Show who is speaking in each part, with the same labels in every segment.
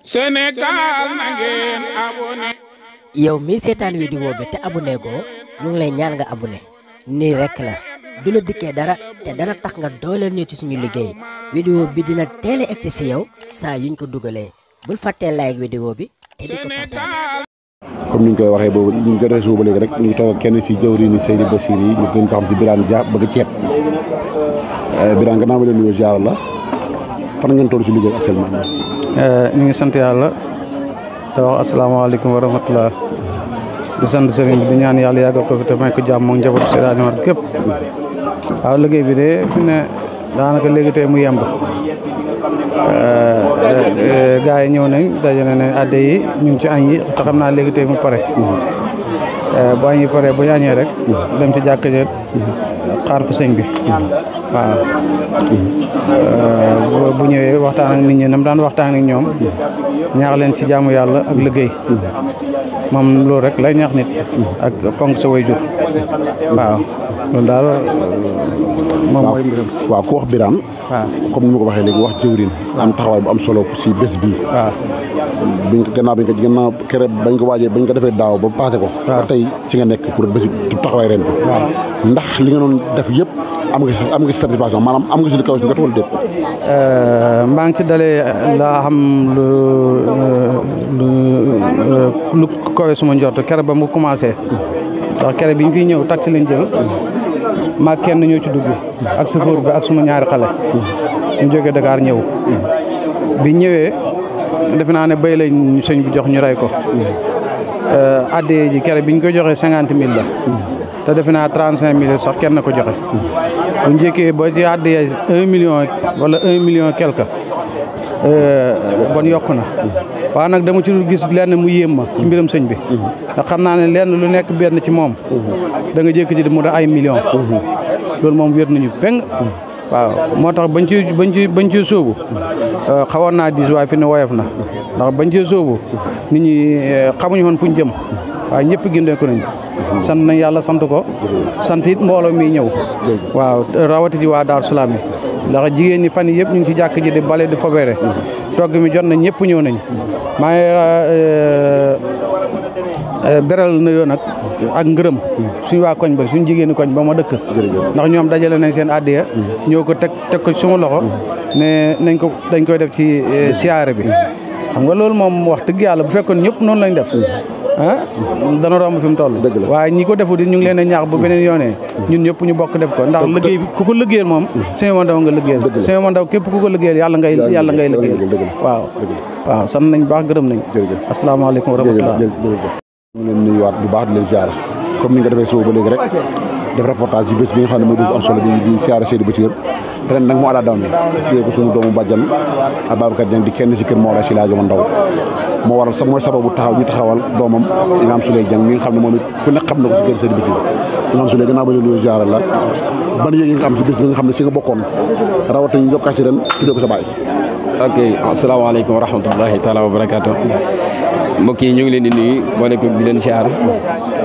Speaker 1: senegal na
Speaker 2: ngeen abonné yow mi setan wi di wobe te abone go ñu ngi lay ñaan nga abone ni rek la du la dikke dara te dana tax nga doole ñu ci suñu liggey video bi dina télé ak ci yow sa yuñ ko dugalee bul fàttee like video bi
Speaker 3: comme ni ñu koy waxé bo ni ñu koy defee suba ba rek ñu taw kenn ci jëwriñ ni Seydou Bassir yi ñu gën ko am ci Birane Dia bëgg ciép euh Birane gannaaw ma leen ñu ziar la fan ngeen tollu ci liggey actuellement.
Speaker 4: Eh, ñu ngi sant yàlla te wax asalaamaaleykum wa rahmatulah di sant sëriñ bi di ñaan yàlla yàggal ko fi te may ko jàmm ak njabootu si rajo waaw liggéey bi de fi ne daanaka léegi tey mu yemb eh, eh, gaa yi ñëw nañ dajale na adde yi ñu ngi ci añ yi te xam naa léegi tey mu pare. bu añ yi pare bu ñu rek. dem ci jàkka je xaar fa sëñ bi waaw. Euh, bu ñëwee waxtaan ak nit ñi nam daan waxtaan ak ñoom ñaax leen ci jaamu yàlla ak liggéey moom loolu rek lay ñaax nit ak fonk sa way waaw loolu daal euh,
Speaker 3: wax comme ni ko wax jëwrin am taxawaay bu am solo si bés bii waaw ko gannaaw biñ ko gannaaw kere bañ ko waajee bañ ko defee daaw ba passé ko nga pour bi ndax li nga def am nga si
Speaker 4: am nga si satisfaction maanaam am nga si lu kaw si jot wala déet. Euh, maa ngi ci dalee laa xam lu lu euh, lu suma njort kere ba mu commencé. ndax kere bi ñu fiy ñëw taxi lañ jël. maa kenn ñëw ci dugg. ak chauffeur bi ak suma ñaari xale. ñu jógee Dakar ñëw. bi ñëwee defe naa ne béy lañ sëñ bi jox ñu rey ko. Euh, addee ji kere biñ ko joxee cinquante mille la. te defe naa trente cinq mille sax kenn na ko joxe bu njëkkee ba ci àdd ya un million wala un million quelque euh, bon yokk na waaw nag dama ci dul gis lenn mu yéem ma ci mbiram sëñ bi ndax xam naa ne lenn lu nekk benn ci moom da nga jékki ji mu da ay million loolu moom wér nañu peng waaw moo tax bañ ci bañ ci bañ ci sóobu euh, xawoon naa diis waaye fi ne woyof na ndax bañ ci sóobu nit ñi euh, xamuñu woon ñu jëm waa ñëpp gindee ko nañu sant nañ yàlla sant ko sant it mbooloo mi ñëw waaw rawati ji waa Daaru ndax jigéen ñi fan yi yëpp ñu ngi ci jàkk ji di bale di fobere togg mi jot nañ ñëpp ñëw nañ maa ngi na euh, euh, nuyoo nag ak ngërëm suñu waa koñ ba suñu jigéeni koñ ba ma dëkk ndax ñoom dajale nañ seen addiya ñoo ko teg teg ko suma loxo ne nañ ko dañ koy def ci euh, siyaare bi xam nga loolu moom wax dëgg yàlla bu fekkoon ñëpp noonu lañ def ah dana romb fi mu toll waaye ñi ko defu di ñu leen a ñaax bu beneen yoonee ñun ñëpp ñu bokk def ko ndax liggéey bi ku ko liggéeyal moom mm. suñu mandaw nga liggéeyal suñu mandaw képp ku ko liggéeyal yàlla ngay yàlla ngay liggéeyal waaw waaw sant nañ baax gërëm nañ asalaamaaleykum wa rahmatulah ñu leen nuyuwaat bu baax
Speaker 3: di leen ziar comme ni nga defee suba ba léegi rek def reportage ci bés bi nga xam ne mooy bés bu am solo bi di siyaare Seydou Bassir ren nag mu àlaa daw mi tuddee ko suñu doomu bàjjan Ababacar Dieng di kenn si kër Mawla si laajo ma ndaw moo waral sax mooy sababu taxaw ñu taxawal doomam Imaam Souley Dieng mi nga xam ne moom it ku nekk xam na ko si kër Seydou Bassir Imaam Souley gannaaw ba leen ziyaare la ban yéeg nga am si bés bi nga xam ne si nga bokkoon rawatina ñu si ren tuddee ko sa baay ok assalamualaikum
Speaker 5: warahmatullahi taala wabarakatuh. barakaatu mbokk yi ñu ngi leen di nuyu bo nek bi leen siyaar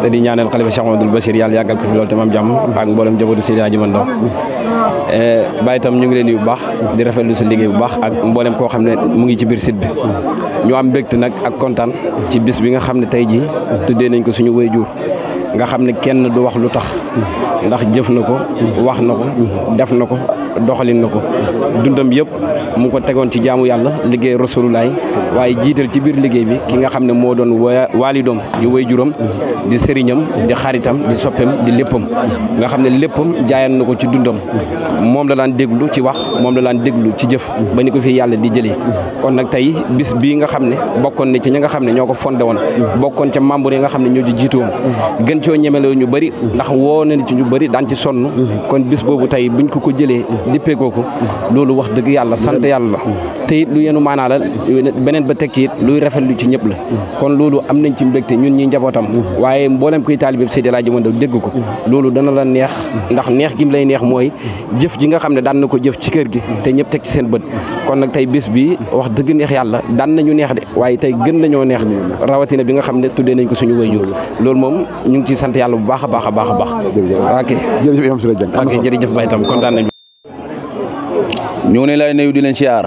Speaker 5: te di ñaanal khalifa Cheikh Mamadou Bassir yalla yagal ko fi lol te mam jam ak mboolem jabootu Seydi Hadji Mandaw eh, bàyyi itam ñu ngi leen di bu di rafetlu su liggéey bu bax ak mbolam ko xamne mu ngi ci bir site bi ñu am bekt nak ak contane ci bis bi nga xamne tay ji jii nañ ko suñu wayjur nga xamne kenn du wax lutax ndax jëf nako wax nako def nako doxalin na ko dundam yëpp mu ko tegoon ci jaamu yàlla liggéey rasulullaay waaye jiital ci biir liggéey bi ki nga xam ne moo doon waalidoom di waajuram di sëriñam di xaritam di soppem di léppam nga xam ne léppam jaayan na ko ci dundam moom la daan déglu ci wax moom la daan déglu ci jëf ba ni ko fi yàlla di jëlee kon nag tey bis bii nga xam ne bokkoon na ci ñi nga xam ne ñoo ko fonde woon bokkoon ca membre yi nga xam ne ñoo ci jiitu woon gën coo ñemelewu dippeekoo ko loolu wax dëgg yàlla sant yàlla la te it lu yenu maanaa la beneen ba tekki it luy rafetlu ci ñëpp la kon loolu am nañ ci mu mbégte ñun ñi njabootam waaye mboolem kuy taalibe Seydi El Hadji Mandione dégg ko loolu dana la neex ndax neex gi lay neex mooy jëf ji nga xam ne daan na ko jëf ci kër gi te ñëpp teg seen bët kon nag tey bis bi wax dëgg neex yàlla daan nañu neex de waaye tey gën nañoo neex rawatina bi nga xam ne tuddee nañ ko suñu waajur loolu moom
Speaker 1: ñu ngi ciy sant yàlla bu baax a baax a baax a baax ok jërëjëf Baye Tam kontaan nañu ñu ne lay nuyu di leen siyaar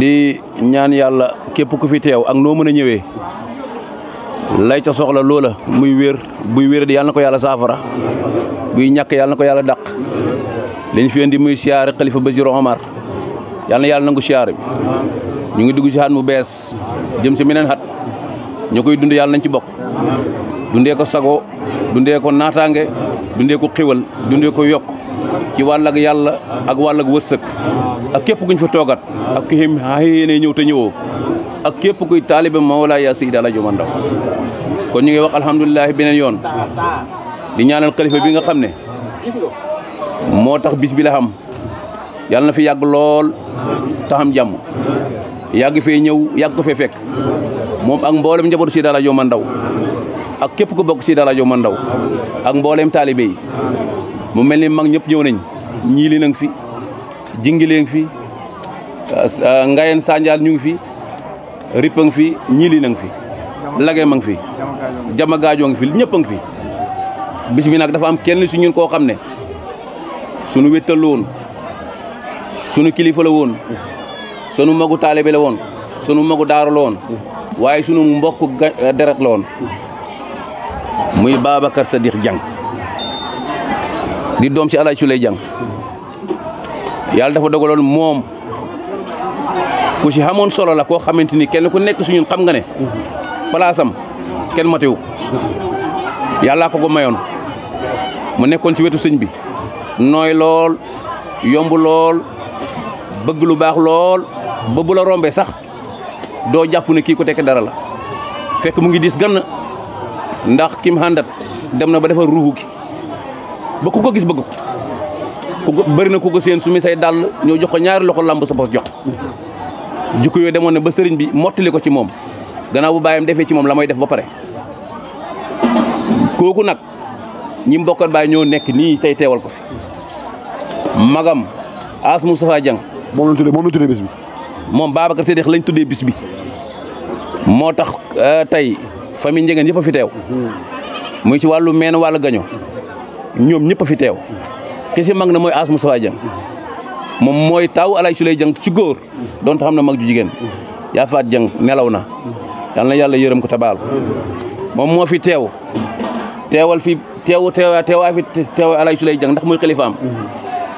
Speaker 1: di ñaan yàlla képp ku fi teew ak noo mën a ñëwee lay ca soxla loola muy wéer buy wér di yàlla na ko yàlla saafara buy ñàkk yàlla na ko yàlla dàq liñ fi indi muy siyaar xalifa Bassirou Omar yàlla na yàlla nangu siyaar bi ñu ngi dugg si xat mu bees jëm si meneen xat ñu koy dund yàlla nañ ci bokk dundee ko sago dundee ko naataange dundee ko xéwal dundee ko yokk ci wàll ak yàlla ak wàll ak ak képp kuñ fa toogat ak ki xëy ñëw te ñëwoo ak képp kuy taalibe Mawlaay yaa Seydi Alaaji Omar Ndaw kon ñu ngi wax alhamdulilah beneen yoon di ñaanal xalifa bi nga xam ne moo tax bis bi la xam yàlla na fi yàgg lool taxam jàmm yàgg fee ñëw yàgg ko fee fekk moom ak mboolem njabootu Seydi Alaaji Omar Ndaw ak képp ku bokk Seydi Alaaji Omar Ndaw ak mboolem taalibe yi mu mel ni mag ñëpp ñëw nañ ñii li nang fi jingile ngi fi euh, ngayen sandial ñu ngi fi ripa fi ñii li fi lage ma ngi fi jama gaajoo ngi fi ñëpp a ngi fi bis bi nag dafa am kenn si ñun koo xam ne sunu wéttal sunu kilifa la woon sunu magu taalibe woon sunu magu daaru la waaye sunu mbokk deret la woon muy Babacar Sadikh di doom si El Hadj Suley Jang yàlla dafa dogaloon moom ku si xamoon solo la koo xamante ni kenn ku nekk suñun xam nga ne palaasam kenn matewu yàllaa ko ko mayoon mu nekkoon si wetu sëñ bi nooy lool yomb lool bëgg lu baax lool ba bu la rombee sax doo jàpp ne kii ko tekk dara la fekk mu ngi diis gann ndax kim hàndat dem na ba defar ruuxu gi ba ku ko gis bëgg ko ku bari na ku ko seen sumi say dal ñoo jox ko ñaar loxo lamb sa boss jox jikko yo demone ba sëriñ bi motali ko ci mom gannaaw bu bayam defé ci mom lamay def ba paré koku nak ñi mbokkat bay ñoo nekk ni tay téwal ko fi magam as mustafa jang
Speaker 3: mom lañ tuddee mom lañ tuddee bis bi
Speaker 1: moom Babacar Sédikh lañ tuddee bis bi motax euh, tay fami ñeegan yépp fi téw mhm. muy ci walu meen walu gaño ñoom ñëpp a fi teew ki mag na mooy As Moustapha Dieng moom mooy taaw Alay Suley Dieng ci góor donte xam na mag ju jigéen yaa faat Dieng nelaw na yal na yàlla yërëm ko tabaal moom moo fi teew teewal fi teewu teewaa teewaa fi teew Alay Suley Dieng ndax mooy xalifaam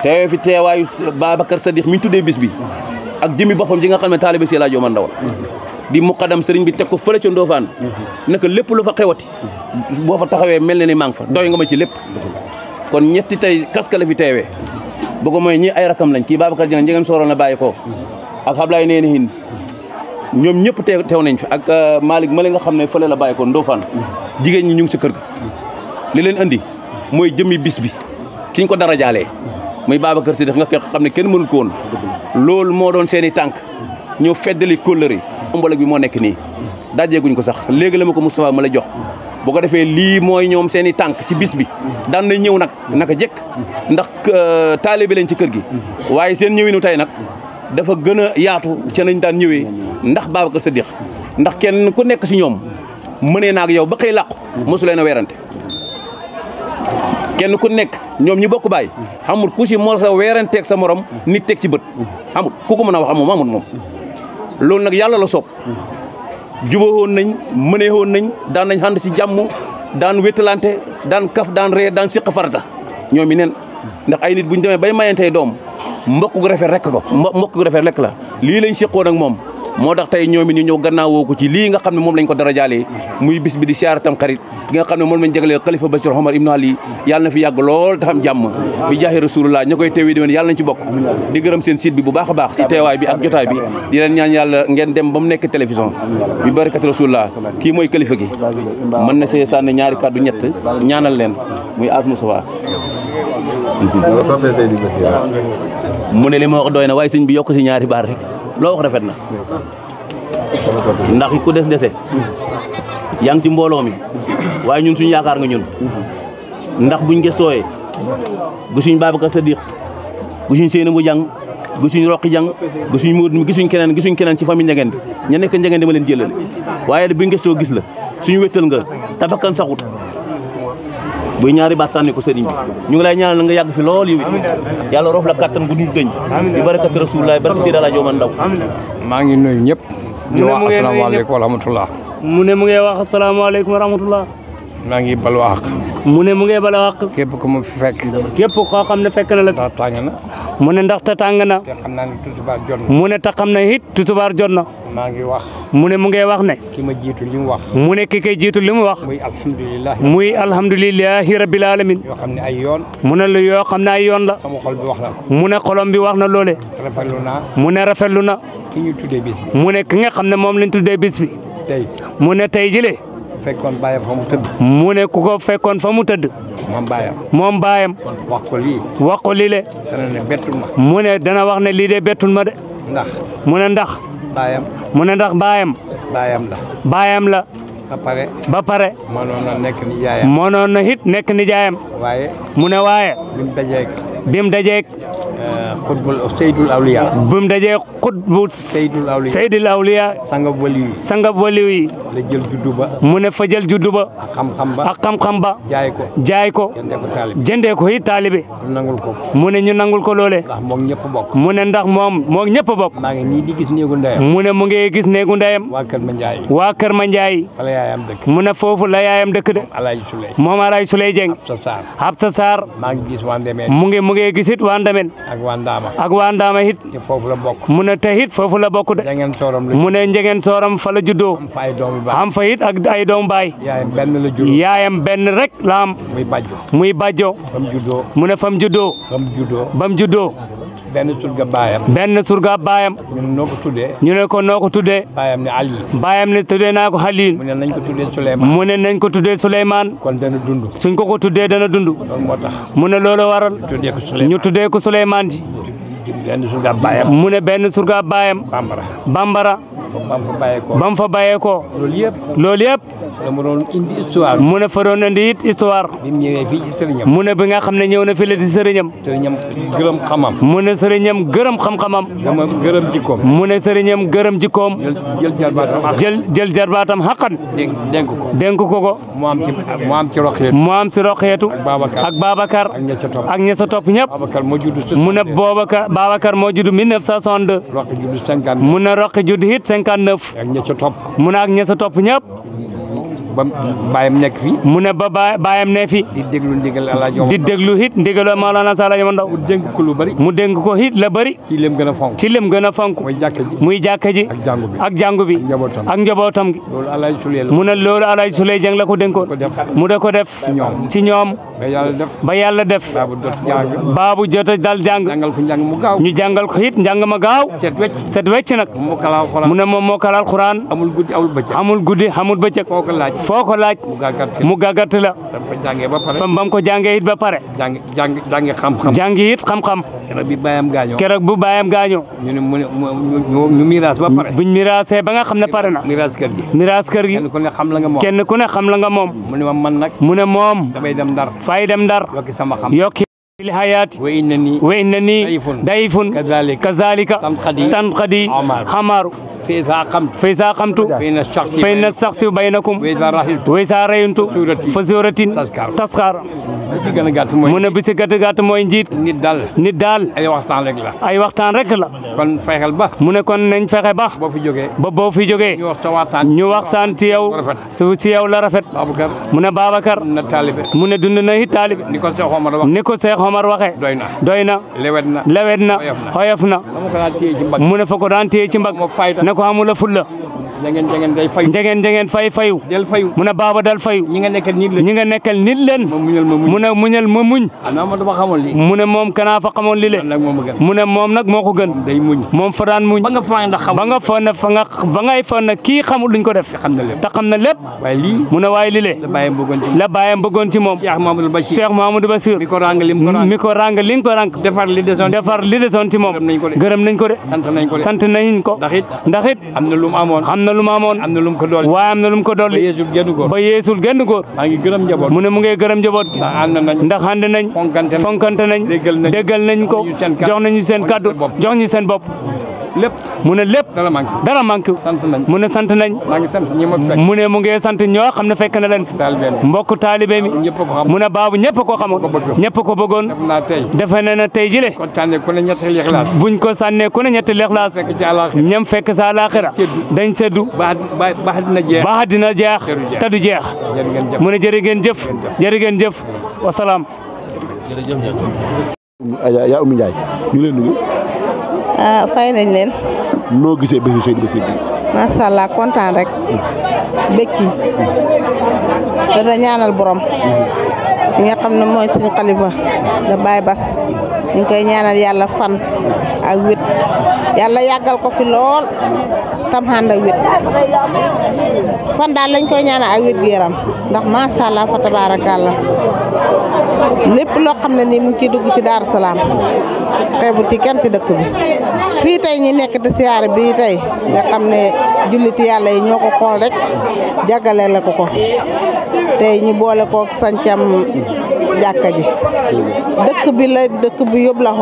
Speaker 1: teewee fi teewaayu Babacar Sadikh mi ñu tuddee bis bi ak jëmmi boppam ji nga xam ne taalibe si El Hadj Omar di muqadam sëriñ bi teg ko fële ca Ndofane naka lépp lu fa xewati boo fa taxawee mel na ni maa fa doy nga ma ci lépp kon ñetti tey kaska la fi teewee bu ko mooy ñi ay rakam lañ kii Babacar Dieng ñi ngeen sooroon na bàyyi ko ak Ablaye nee na hin ñoom ñëpp teew teew nañ fi ak euh, Malick ma li nga xam ne fële la bàyyi ko Ndofane jigéen ñi ñu ngi sa kër ga li leen andi mooy jëmmi bis bi kiñ ko dara jaalee muy Babacar si def nga xam ne kenn mënul ko woon loolu moo doon seen i tànk ñoo feddali kóllëre mbooloo bi moo nekk nii dajeeguñ ko sax léegi la ma ko Moustapha ma la jox boo ko defee lii mooy ñoom seen i tànk ci bis bi daan na ñëw nag naka jëkk ndax euh, taalibe lañ ci kër gi waaye seen ñëwinu tey nag dafa gën a yaatu ca nañ daan ñëwee ndax sa Sadikh ndax kenn ku nekk si ñoom mënee naa ak yow ba xëy làqu mosu leen a weerante kenn ku nekk ñoom ñi bokk baay xamul ku si moo sa weeranteeg sa morom nit teg ci bët xamul ku ko mën a wax amul amul loolu nag yàlla la soob jubóowoon nañ mëneewoon nañ daan nañ ànd si jàmm daan wéttalante daan kaf daan ree daan siq farata ñoom i neen ndax ay nit bu ñu demee bay mayantey doom mbokk gu rafet rekk ko mbokk gu rafet rekk la lii lañ siqoon ak moom moo tax tey ñoom it ñu ñëw ko ci li nga xamne mom lañ ko dara jaalee muy bis bi di siyaar tam xarit nga xamne mom lañ jagalee khalifa bashir Omar Ibn Ali yalla na fi yag lool te xam jàmm bi jaaxee rasulullah ñakoy koy di won yalla nañ ci bok di gërëm seen site bi bu baaxa baax ci teewaay bi ak jotaay bi di leen ñaan yalla ngeen dem bam nekk télévision bi barakat rasulullah ki moy khalifa gi man na sey sànni ñaari kaddu ñett ñaanal leen muy asmu sawa mu ne li mo wax doyna na waaye bi yok ci ñaari bar rek loo wax rafet na ndax ku des dese yaa ngi ci mbooloo mi waaye ñun suñu yaakaar nga ñun ndax buñ gëstooyee gisuñ Babacar Sadiq gisuñ Seynabou Dieng gisuñ Roqi Dieng gisuñ Modou gisuñ keneen gisuñ keneen ci famille Ndiéguène bi ña nekk Ndiéguène dama leen jëlale waaye buñ gëstoo gis la suñu wéttal nga tabakkan saxut bu ñaari baat sànni ko serigne bi ñu ngi lay ñaanal nga yag fi lool yow yalla roof la katan gu ñu deñ bi barakat rasulullah barki sida la jooman ndaw
Speaker 6: ma ngi nuyu ñep ñu wax assalamu alaykum wa rahmatullah mu ne mu ngi wax assalamu alaykum wa rahmatullah ma ngi bal wax mu ne mu ngi bal wax kep ko mu fi fekk kep ko xamne ne kan fekk na la tangana mu ne ndax ta tangana mu ne ta xamne hit it tusubaar jot maa ngi wax. mu ne mu ngay wax ne. ki ma jiitu li mu wax. mu ne ki kay jiitu li mu wax. muy alhamdulilah. muy alhamdulilahi rabbil alamin. yoo xam ne ay yoon. mu ne lu yoo xam ne ay yoon la. sama xol bi wax na ko. mu ne xolom bi wax na loole. rafetlu naa. mu ne rafetlu na. ki ñu tuddee bis bi. mu ne ki nga xam ne moom lañ tuddee bis bi. tey mu ne tey jëlee. fekkoon bàyyam fa mu tëdd. mu ne ku ko fekkoon fa mu tëdd. moom bàyyam. moom bàyyam. wax ko lii. wax ko lii le. dana ne bettul ma. mu ne dana wax ne lii de bettul ma de. ndax mu ne ndax. baayam mu ne ndax baayam baayam la baayam la ba pare ba pare mënoon nekk nijaayam mënoon na hit nekk nijaayam waaye mu ne waaye bi mu dajeeg bi mu dajeeg. Euh, xutbul oh, Seydul Awliya. bi mu dajeeg xutbu. Seydul Awliya Seydul Awliya. sangab waliw yi sangab waliw yi. la jël juddu ba. mu fa jël juddu ba. ak xam-xam ba ba. jaay ko jaay ko. jëndee ko taalibe jëndee ko yi taalibe. nangul ko mu ne ñu nangul ko loolee. ndax moom ñëpp bokk. mu ne ndax moom moo ñëpp bokk. maa ngi nii di gis néegu ndeyam. mu ne mu ngi gis néegu ndeyam. waa Kër Mandiaye. waa Kër Mandiaye. fa la yaayam foofu la yaayam dëkk de. moom Alaaji Suley Dieng. Absa Sarr. Absa mu ngi gisit waa Ndamen ak waa Ndaama ak waa it foofu la bokk mu ne te it foofu la bokk de mu ne njegeen sooram fa la juddoo am fa ak ay doomu baay yaayam benn rek laam am muy bàjjo mu ne fam juddoo bam juddoo benn surga baayam. benn surga baayam. ñu ne ko tuddee. ñu ne ko noo ko tuddee. baayam ne Ali. baayam ne tuddee naa ko Halil. mu ne nañ ko tuddee Souleymane. mu ne ko tuddee Souleymane. kon dana dund. suñ ko ko tuddee dana dund. loolu moo tax. mu ne loolu waral. ñu tuddee ko Souleymane ji. benn surga baayam. mu ne benn surga baayam. bambara bambara. bam fa baye ko lol yeb lool fa don indi histoire bim bi nga xamne ñew na fi la ci serignam geureum xamam mu serignam geureum xam xamam geureum jikom mu serignam geureum jikom jël jarbatam jël jël jarbaatam haqqan denk ko denk ko ko mu am ci mo am ci roxetu mu am ci roxetu ak babakar ak ña sa top ñep mu ne babakar mo juddu 1962 mu ne juddu hit cinquante neuf. mu ne ak ña ba baayam nekk fi. mu ne ba ba baayam ne fi. di déglu ndigal alaaji di déglu hit ndigal Maolana Sall Alaaji Omar Ndaw. mu dénk ko lu bari. mu dénk ko hit la bari. ci lim gën a fonk. ci lim gën a fonk. muy jàkka ji muy jàkka ji. ak jàngu bi ak jàngu bi. gi. loolu la. mu ne loolu alaaji Suley jàng la ko mu da ko def ci ñoom. ba yàlla def ba yàlla def. baabu jot a dal jàng. ñu jàngal ko hit njàng ma gaaw. set wecc nag. mu ne moom moo kalaal Alxuraan. amul guddi amul bëccëg. foo ko laaj mu gàggat la ko jàngee it ba pare jàngi xam-xam jàngi it xam-xam keroog bu baayam gaañoo bu miraas ba pare buñ miraasee ba nga xam ne pare na miraas kër gi miraas kër gi kenn ku ne xam la nga moom kenn ku ne xam la nga moom mu ne ma man nag mu ne moom damay dem ndar yokki sama xam yokki li hayaati wa inna فإذا أقمت فإذا أقمت بين الشخص فإن الشخص بينكم وإذا رحلت وإذا رحلت فزورة تذكر mu ne bi si gàtt gàtt mooy njiit. nit daal nit daal. ay waxtaan rek la. ay waxtaan rek la. kon fexeel ba. mu ne kon nañ fexe ba. boo fi jógee ba boo fi jógee. ñu wax sa waxtaan ñu waxtaan ci yow. ci yow la rafet. Babacar mu ne Babacar. na taalibe mu ne dund na it taalibe. ni ko Cheikh Omar waxee. ni ko Cheikh Omar waxee. doy na doy na. lewet na lewet na. oyof na mu ne fa ko daan téye ci mbagg. ne ko ko amul a fulla njëgën njëgën day fayu. njëgën njëgën fay fayu. del fayu mu ne baaba dal fayu. ñi nga nit leen ñi nga nekkal nit leen. ma muñ. mu moom kanaa fa li le. mu moom nag moo gën. moom fa muñ. ba nga fa kii xamul luñ ko def. te na lépp. mu ne li le. la bàyyam bëggoon ci moom. Cheikh Bassir. mi ko ràng ko ràng. defar li desoon ci moom. gërëm nañ ko de. sant nañ ko. ndax it am na lu mu amoon na lu ma amoon am na lu mu ko dolli waaye am na lu mu ko dolli ba yeesul genn góor ba yeesul genn góor njaboot mu ne mu ngi gërëm njaboot ndax ànd nañ fonkante nañ déggal nañ ko jox nañu seen kàddu jox ñu seen bopp lépp mu ne lépp. dara manqué dara manqué. sant nañ mu ne sant nañ. maa sant ñi ma fekk mu ne mu ngi sant ñoo xam ne fekk na leen. mbokk taalibe mi mu ne baabu ñëpp koo xamoon. ñëpp ko bëggoon. defe na ne tey jile. buñ ko sànnee ku ne ñetti lexlaas. ñam fekk sa alaxira dañ seddu ba baax dina jeex ta du jeex. mu ne jërë ngeen jëf jërë ngeen jëf wasalaam. jërëjëf
Speaker 3: yaa Oumy Ndiaye ñu
Speaker 2: ah fay nañ leen.
Speaker 3: noo gisee bési Seydou
Speaker 2: macha allah kontaan rek. bëgg ci. dana ñaanal borom. ñi nga xam ne mooy suñu xalifa da Baye Bass ñu koy ñaanal yàlla fan ak wit yalla yagal ko fi lol tam handa wit fan dal lañ koy ñaan ay wét gu yaram ndax sha allah fa tabarakallah lepp lo xamne ni mu ngi dugg ci dar salam xeebu ci kenn ci bi fi tay ñi nekk de bi tay nga xamne ne julliti yi ñoko xol rek jàggale la ko ko tay ñu boole ak santiam jàkka ji dëkk bi la dëkk bi yëpp la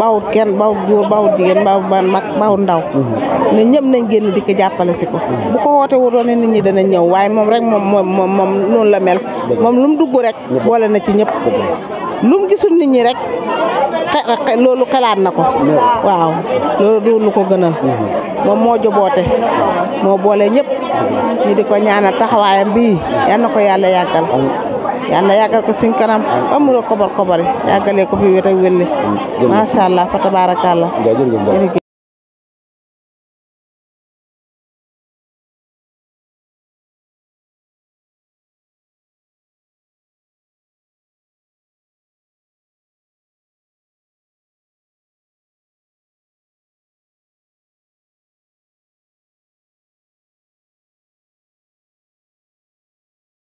Speaker 2: bawut kenn bawut góor bawut jigéen bawut ban mag bawut ndaw ne ñëpp nañ génn di ko jàppale si ko bu ko woote wutoon nit ñi dana ñëw waaye moom rek moom moom moom noonu la mel moom lu dugg rek boole na ci ñëpp lu mu nit ñi rek loolu xelaat na ko waaw loolu du lu ko gënal moom moo joboote moo boole ñëpp ñu di ko ñaana taxawaayam bi yal na ko yàlla yàggal yàlla yàggal ko suñ kanam ba mu ko kobar kobari yàggalee ko fi wér ak wélli macha allah fa tabaarakàlla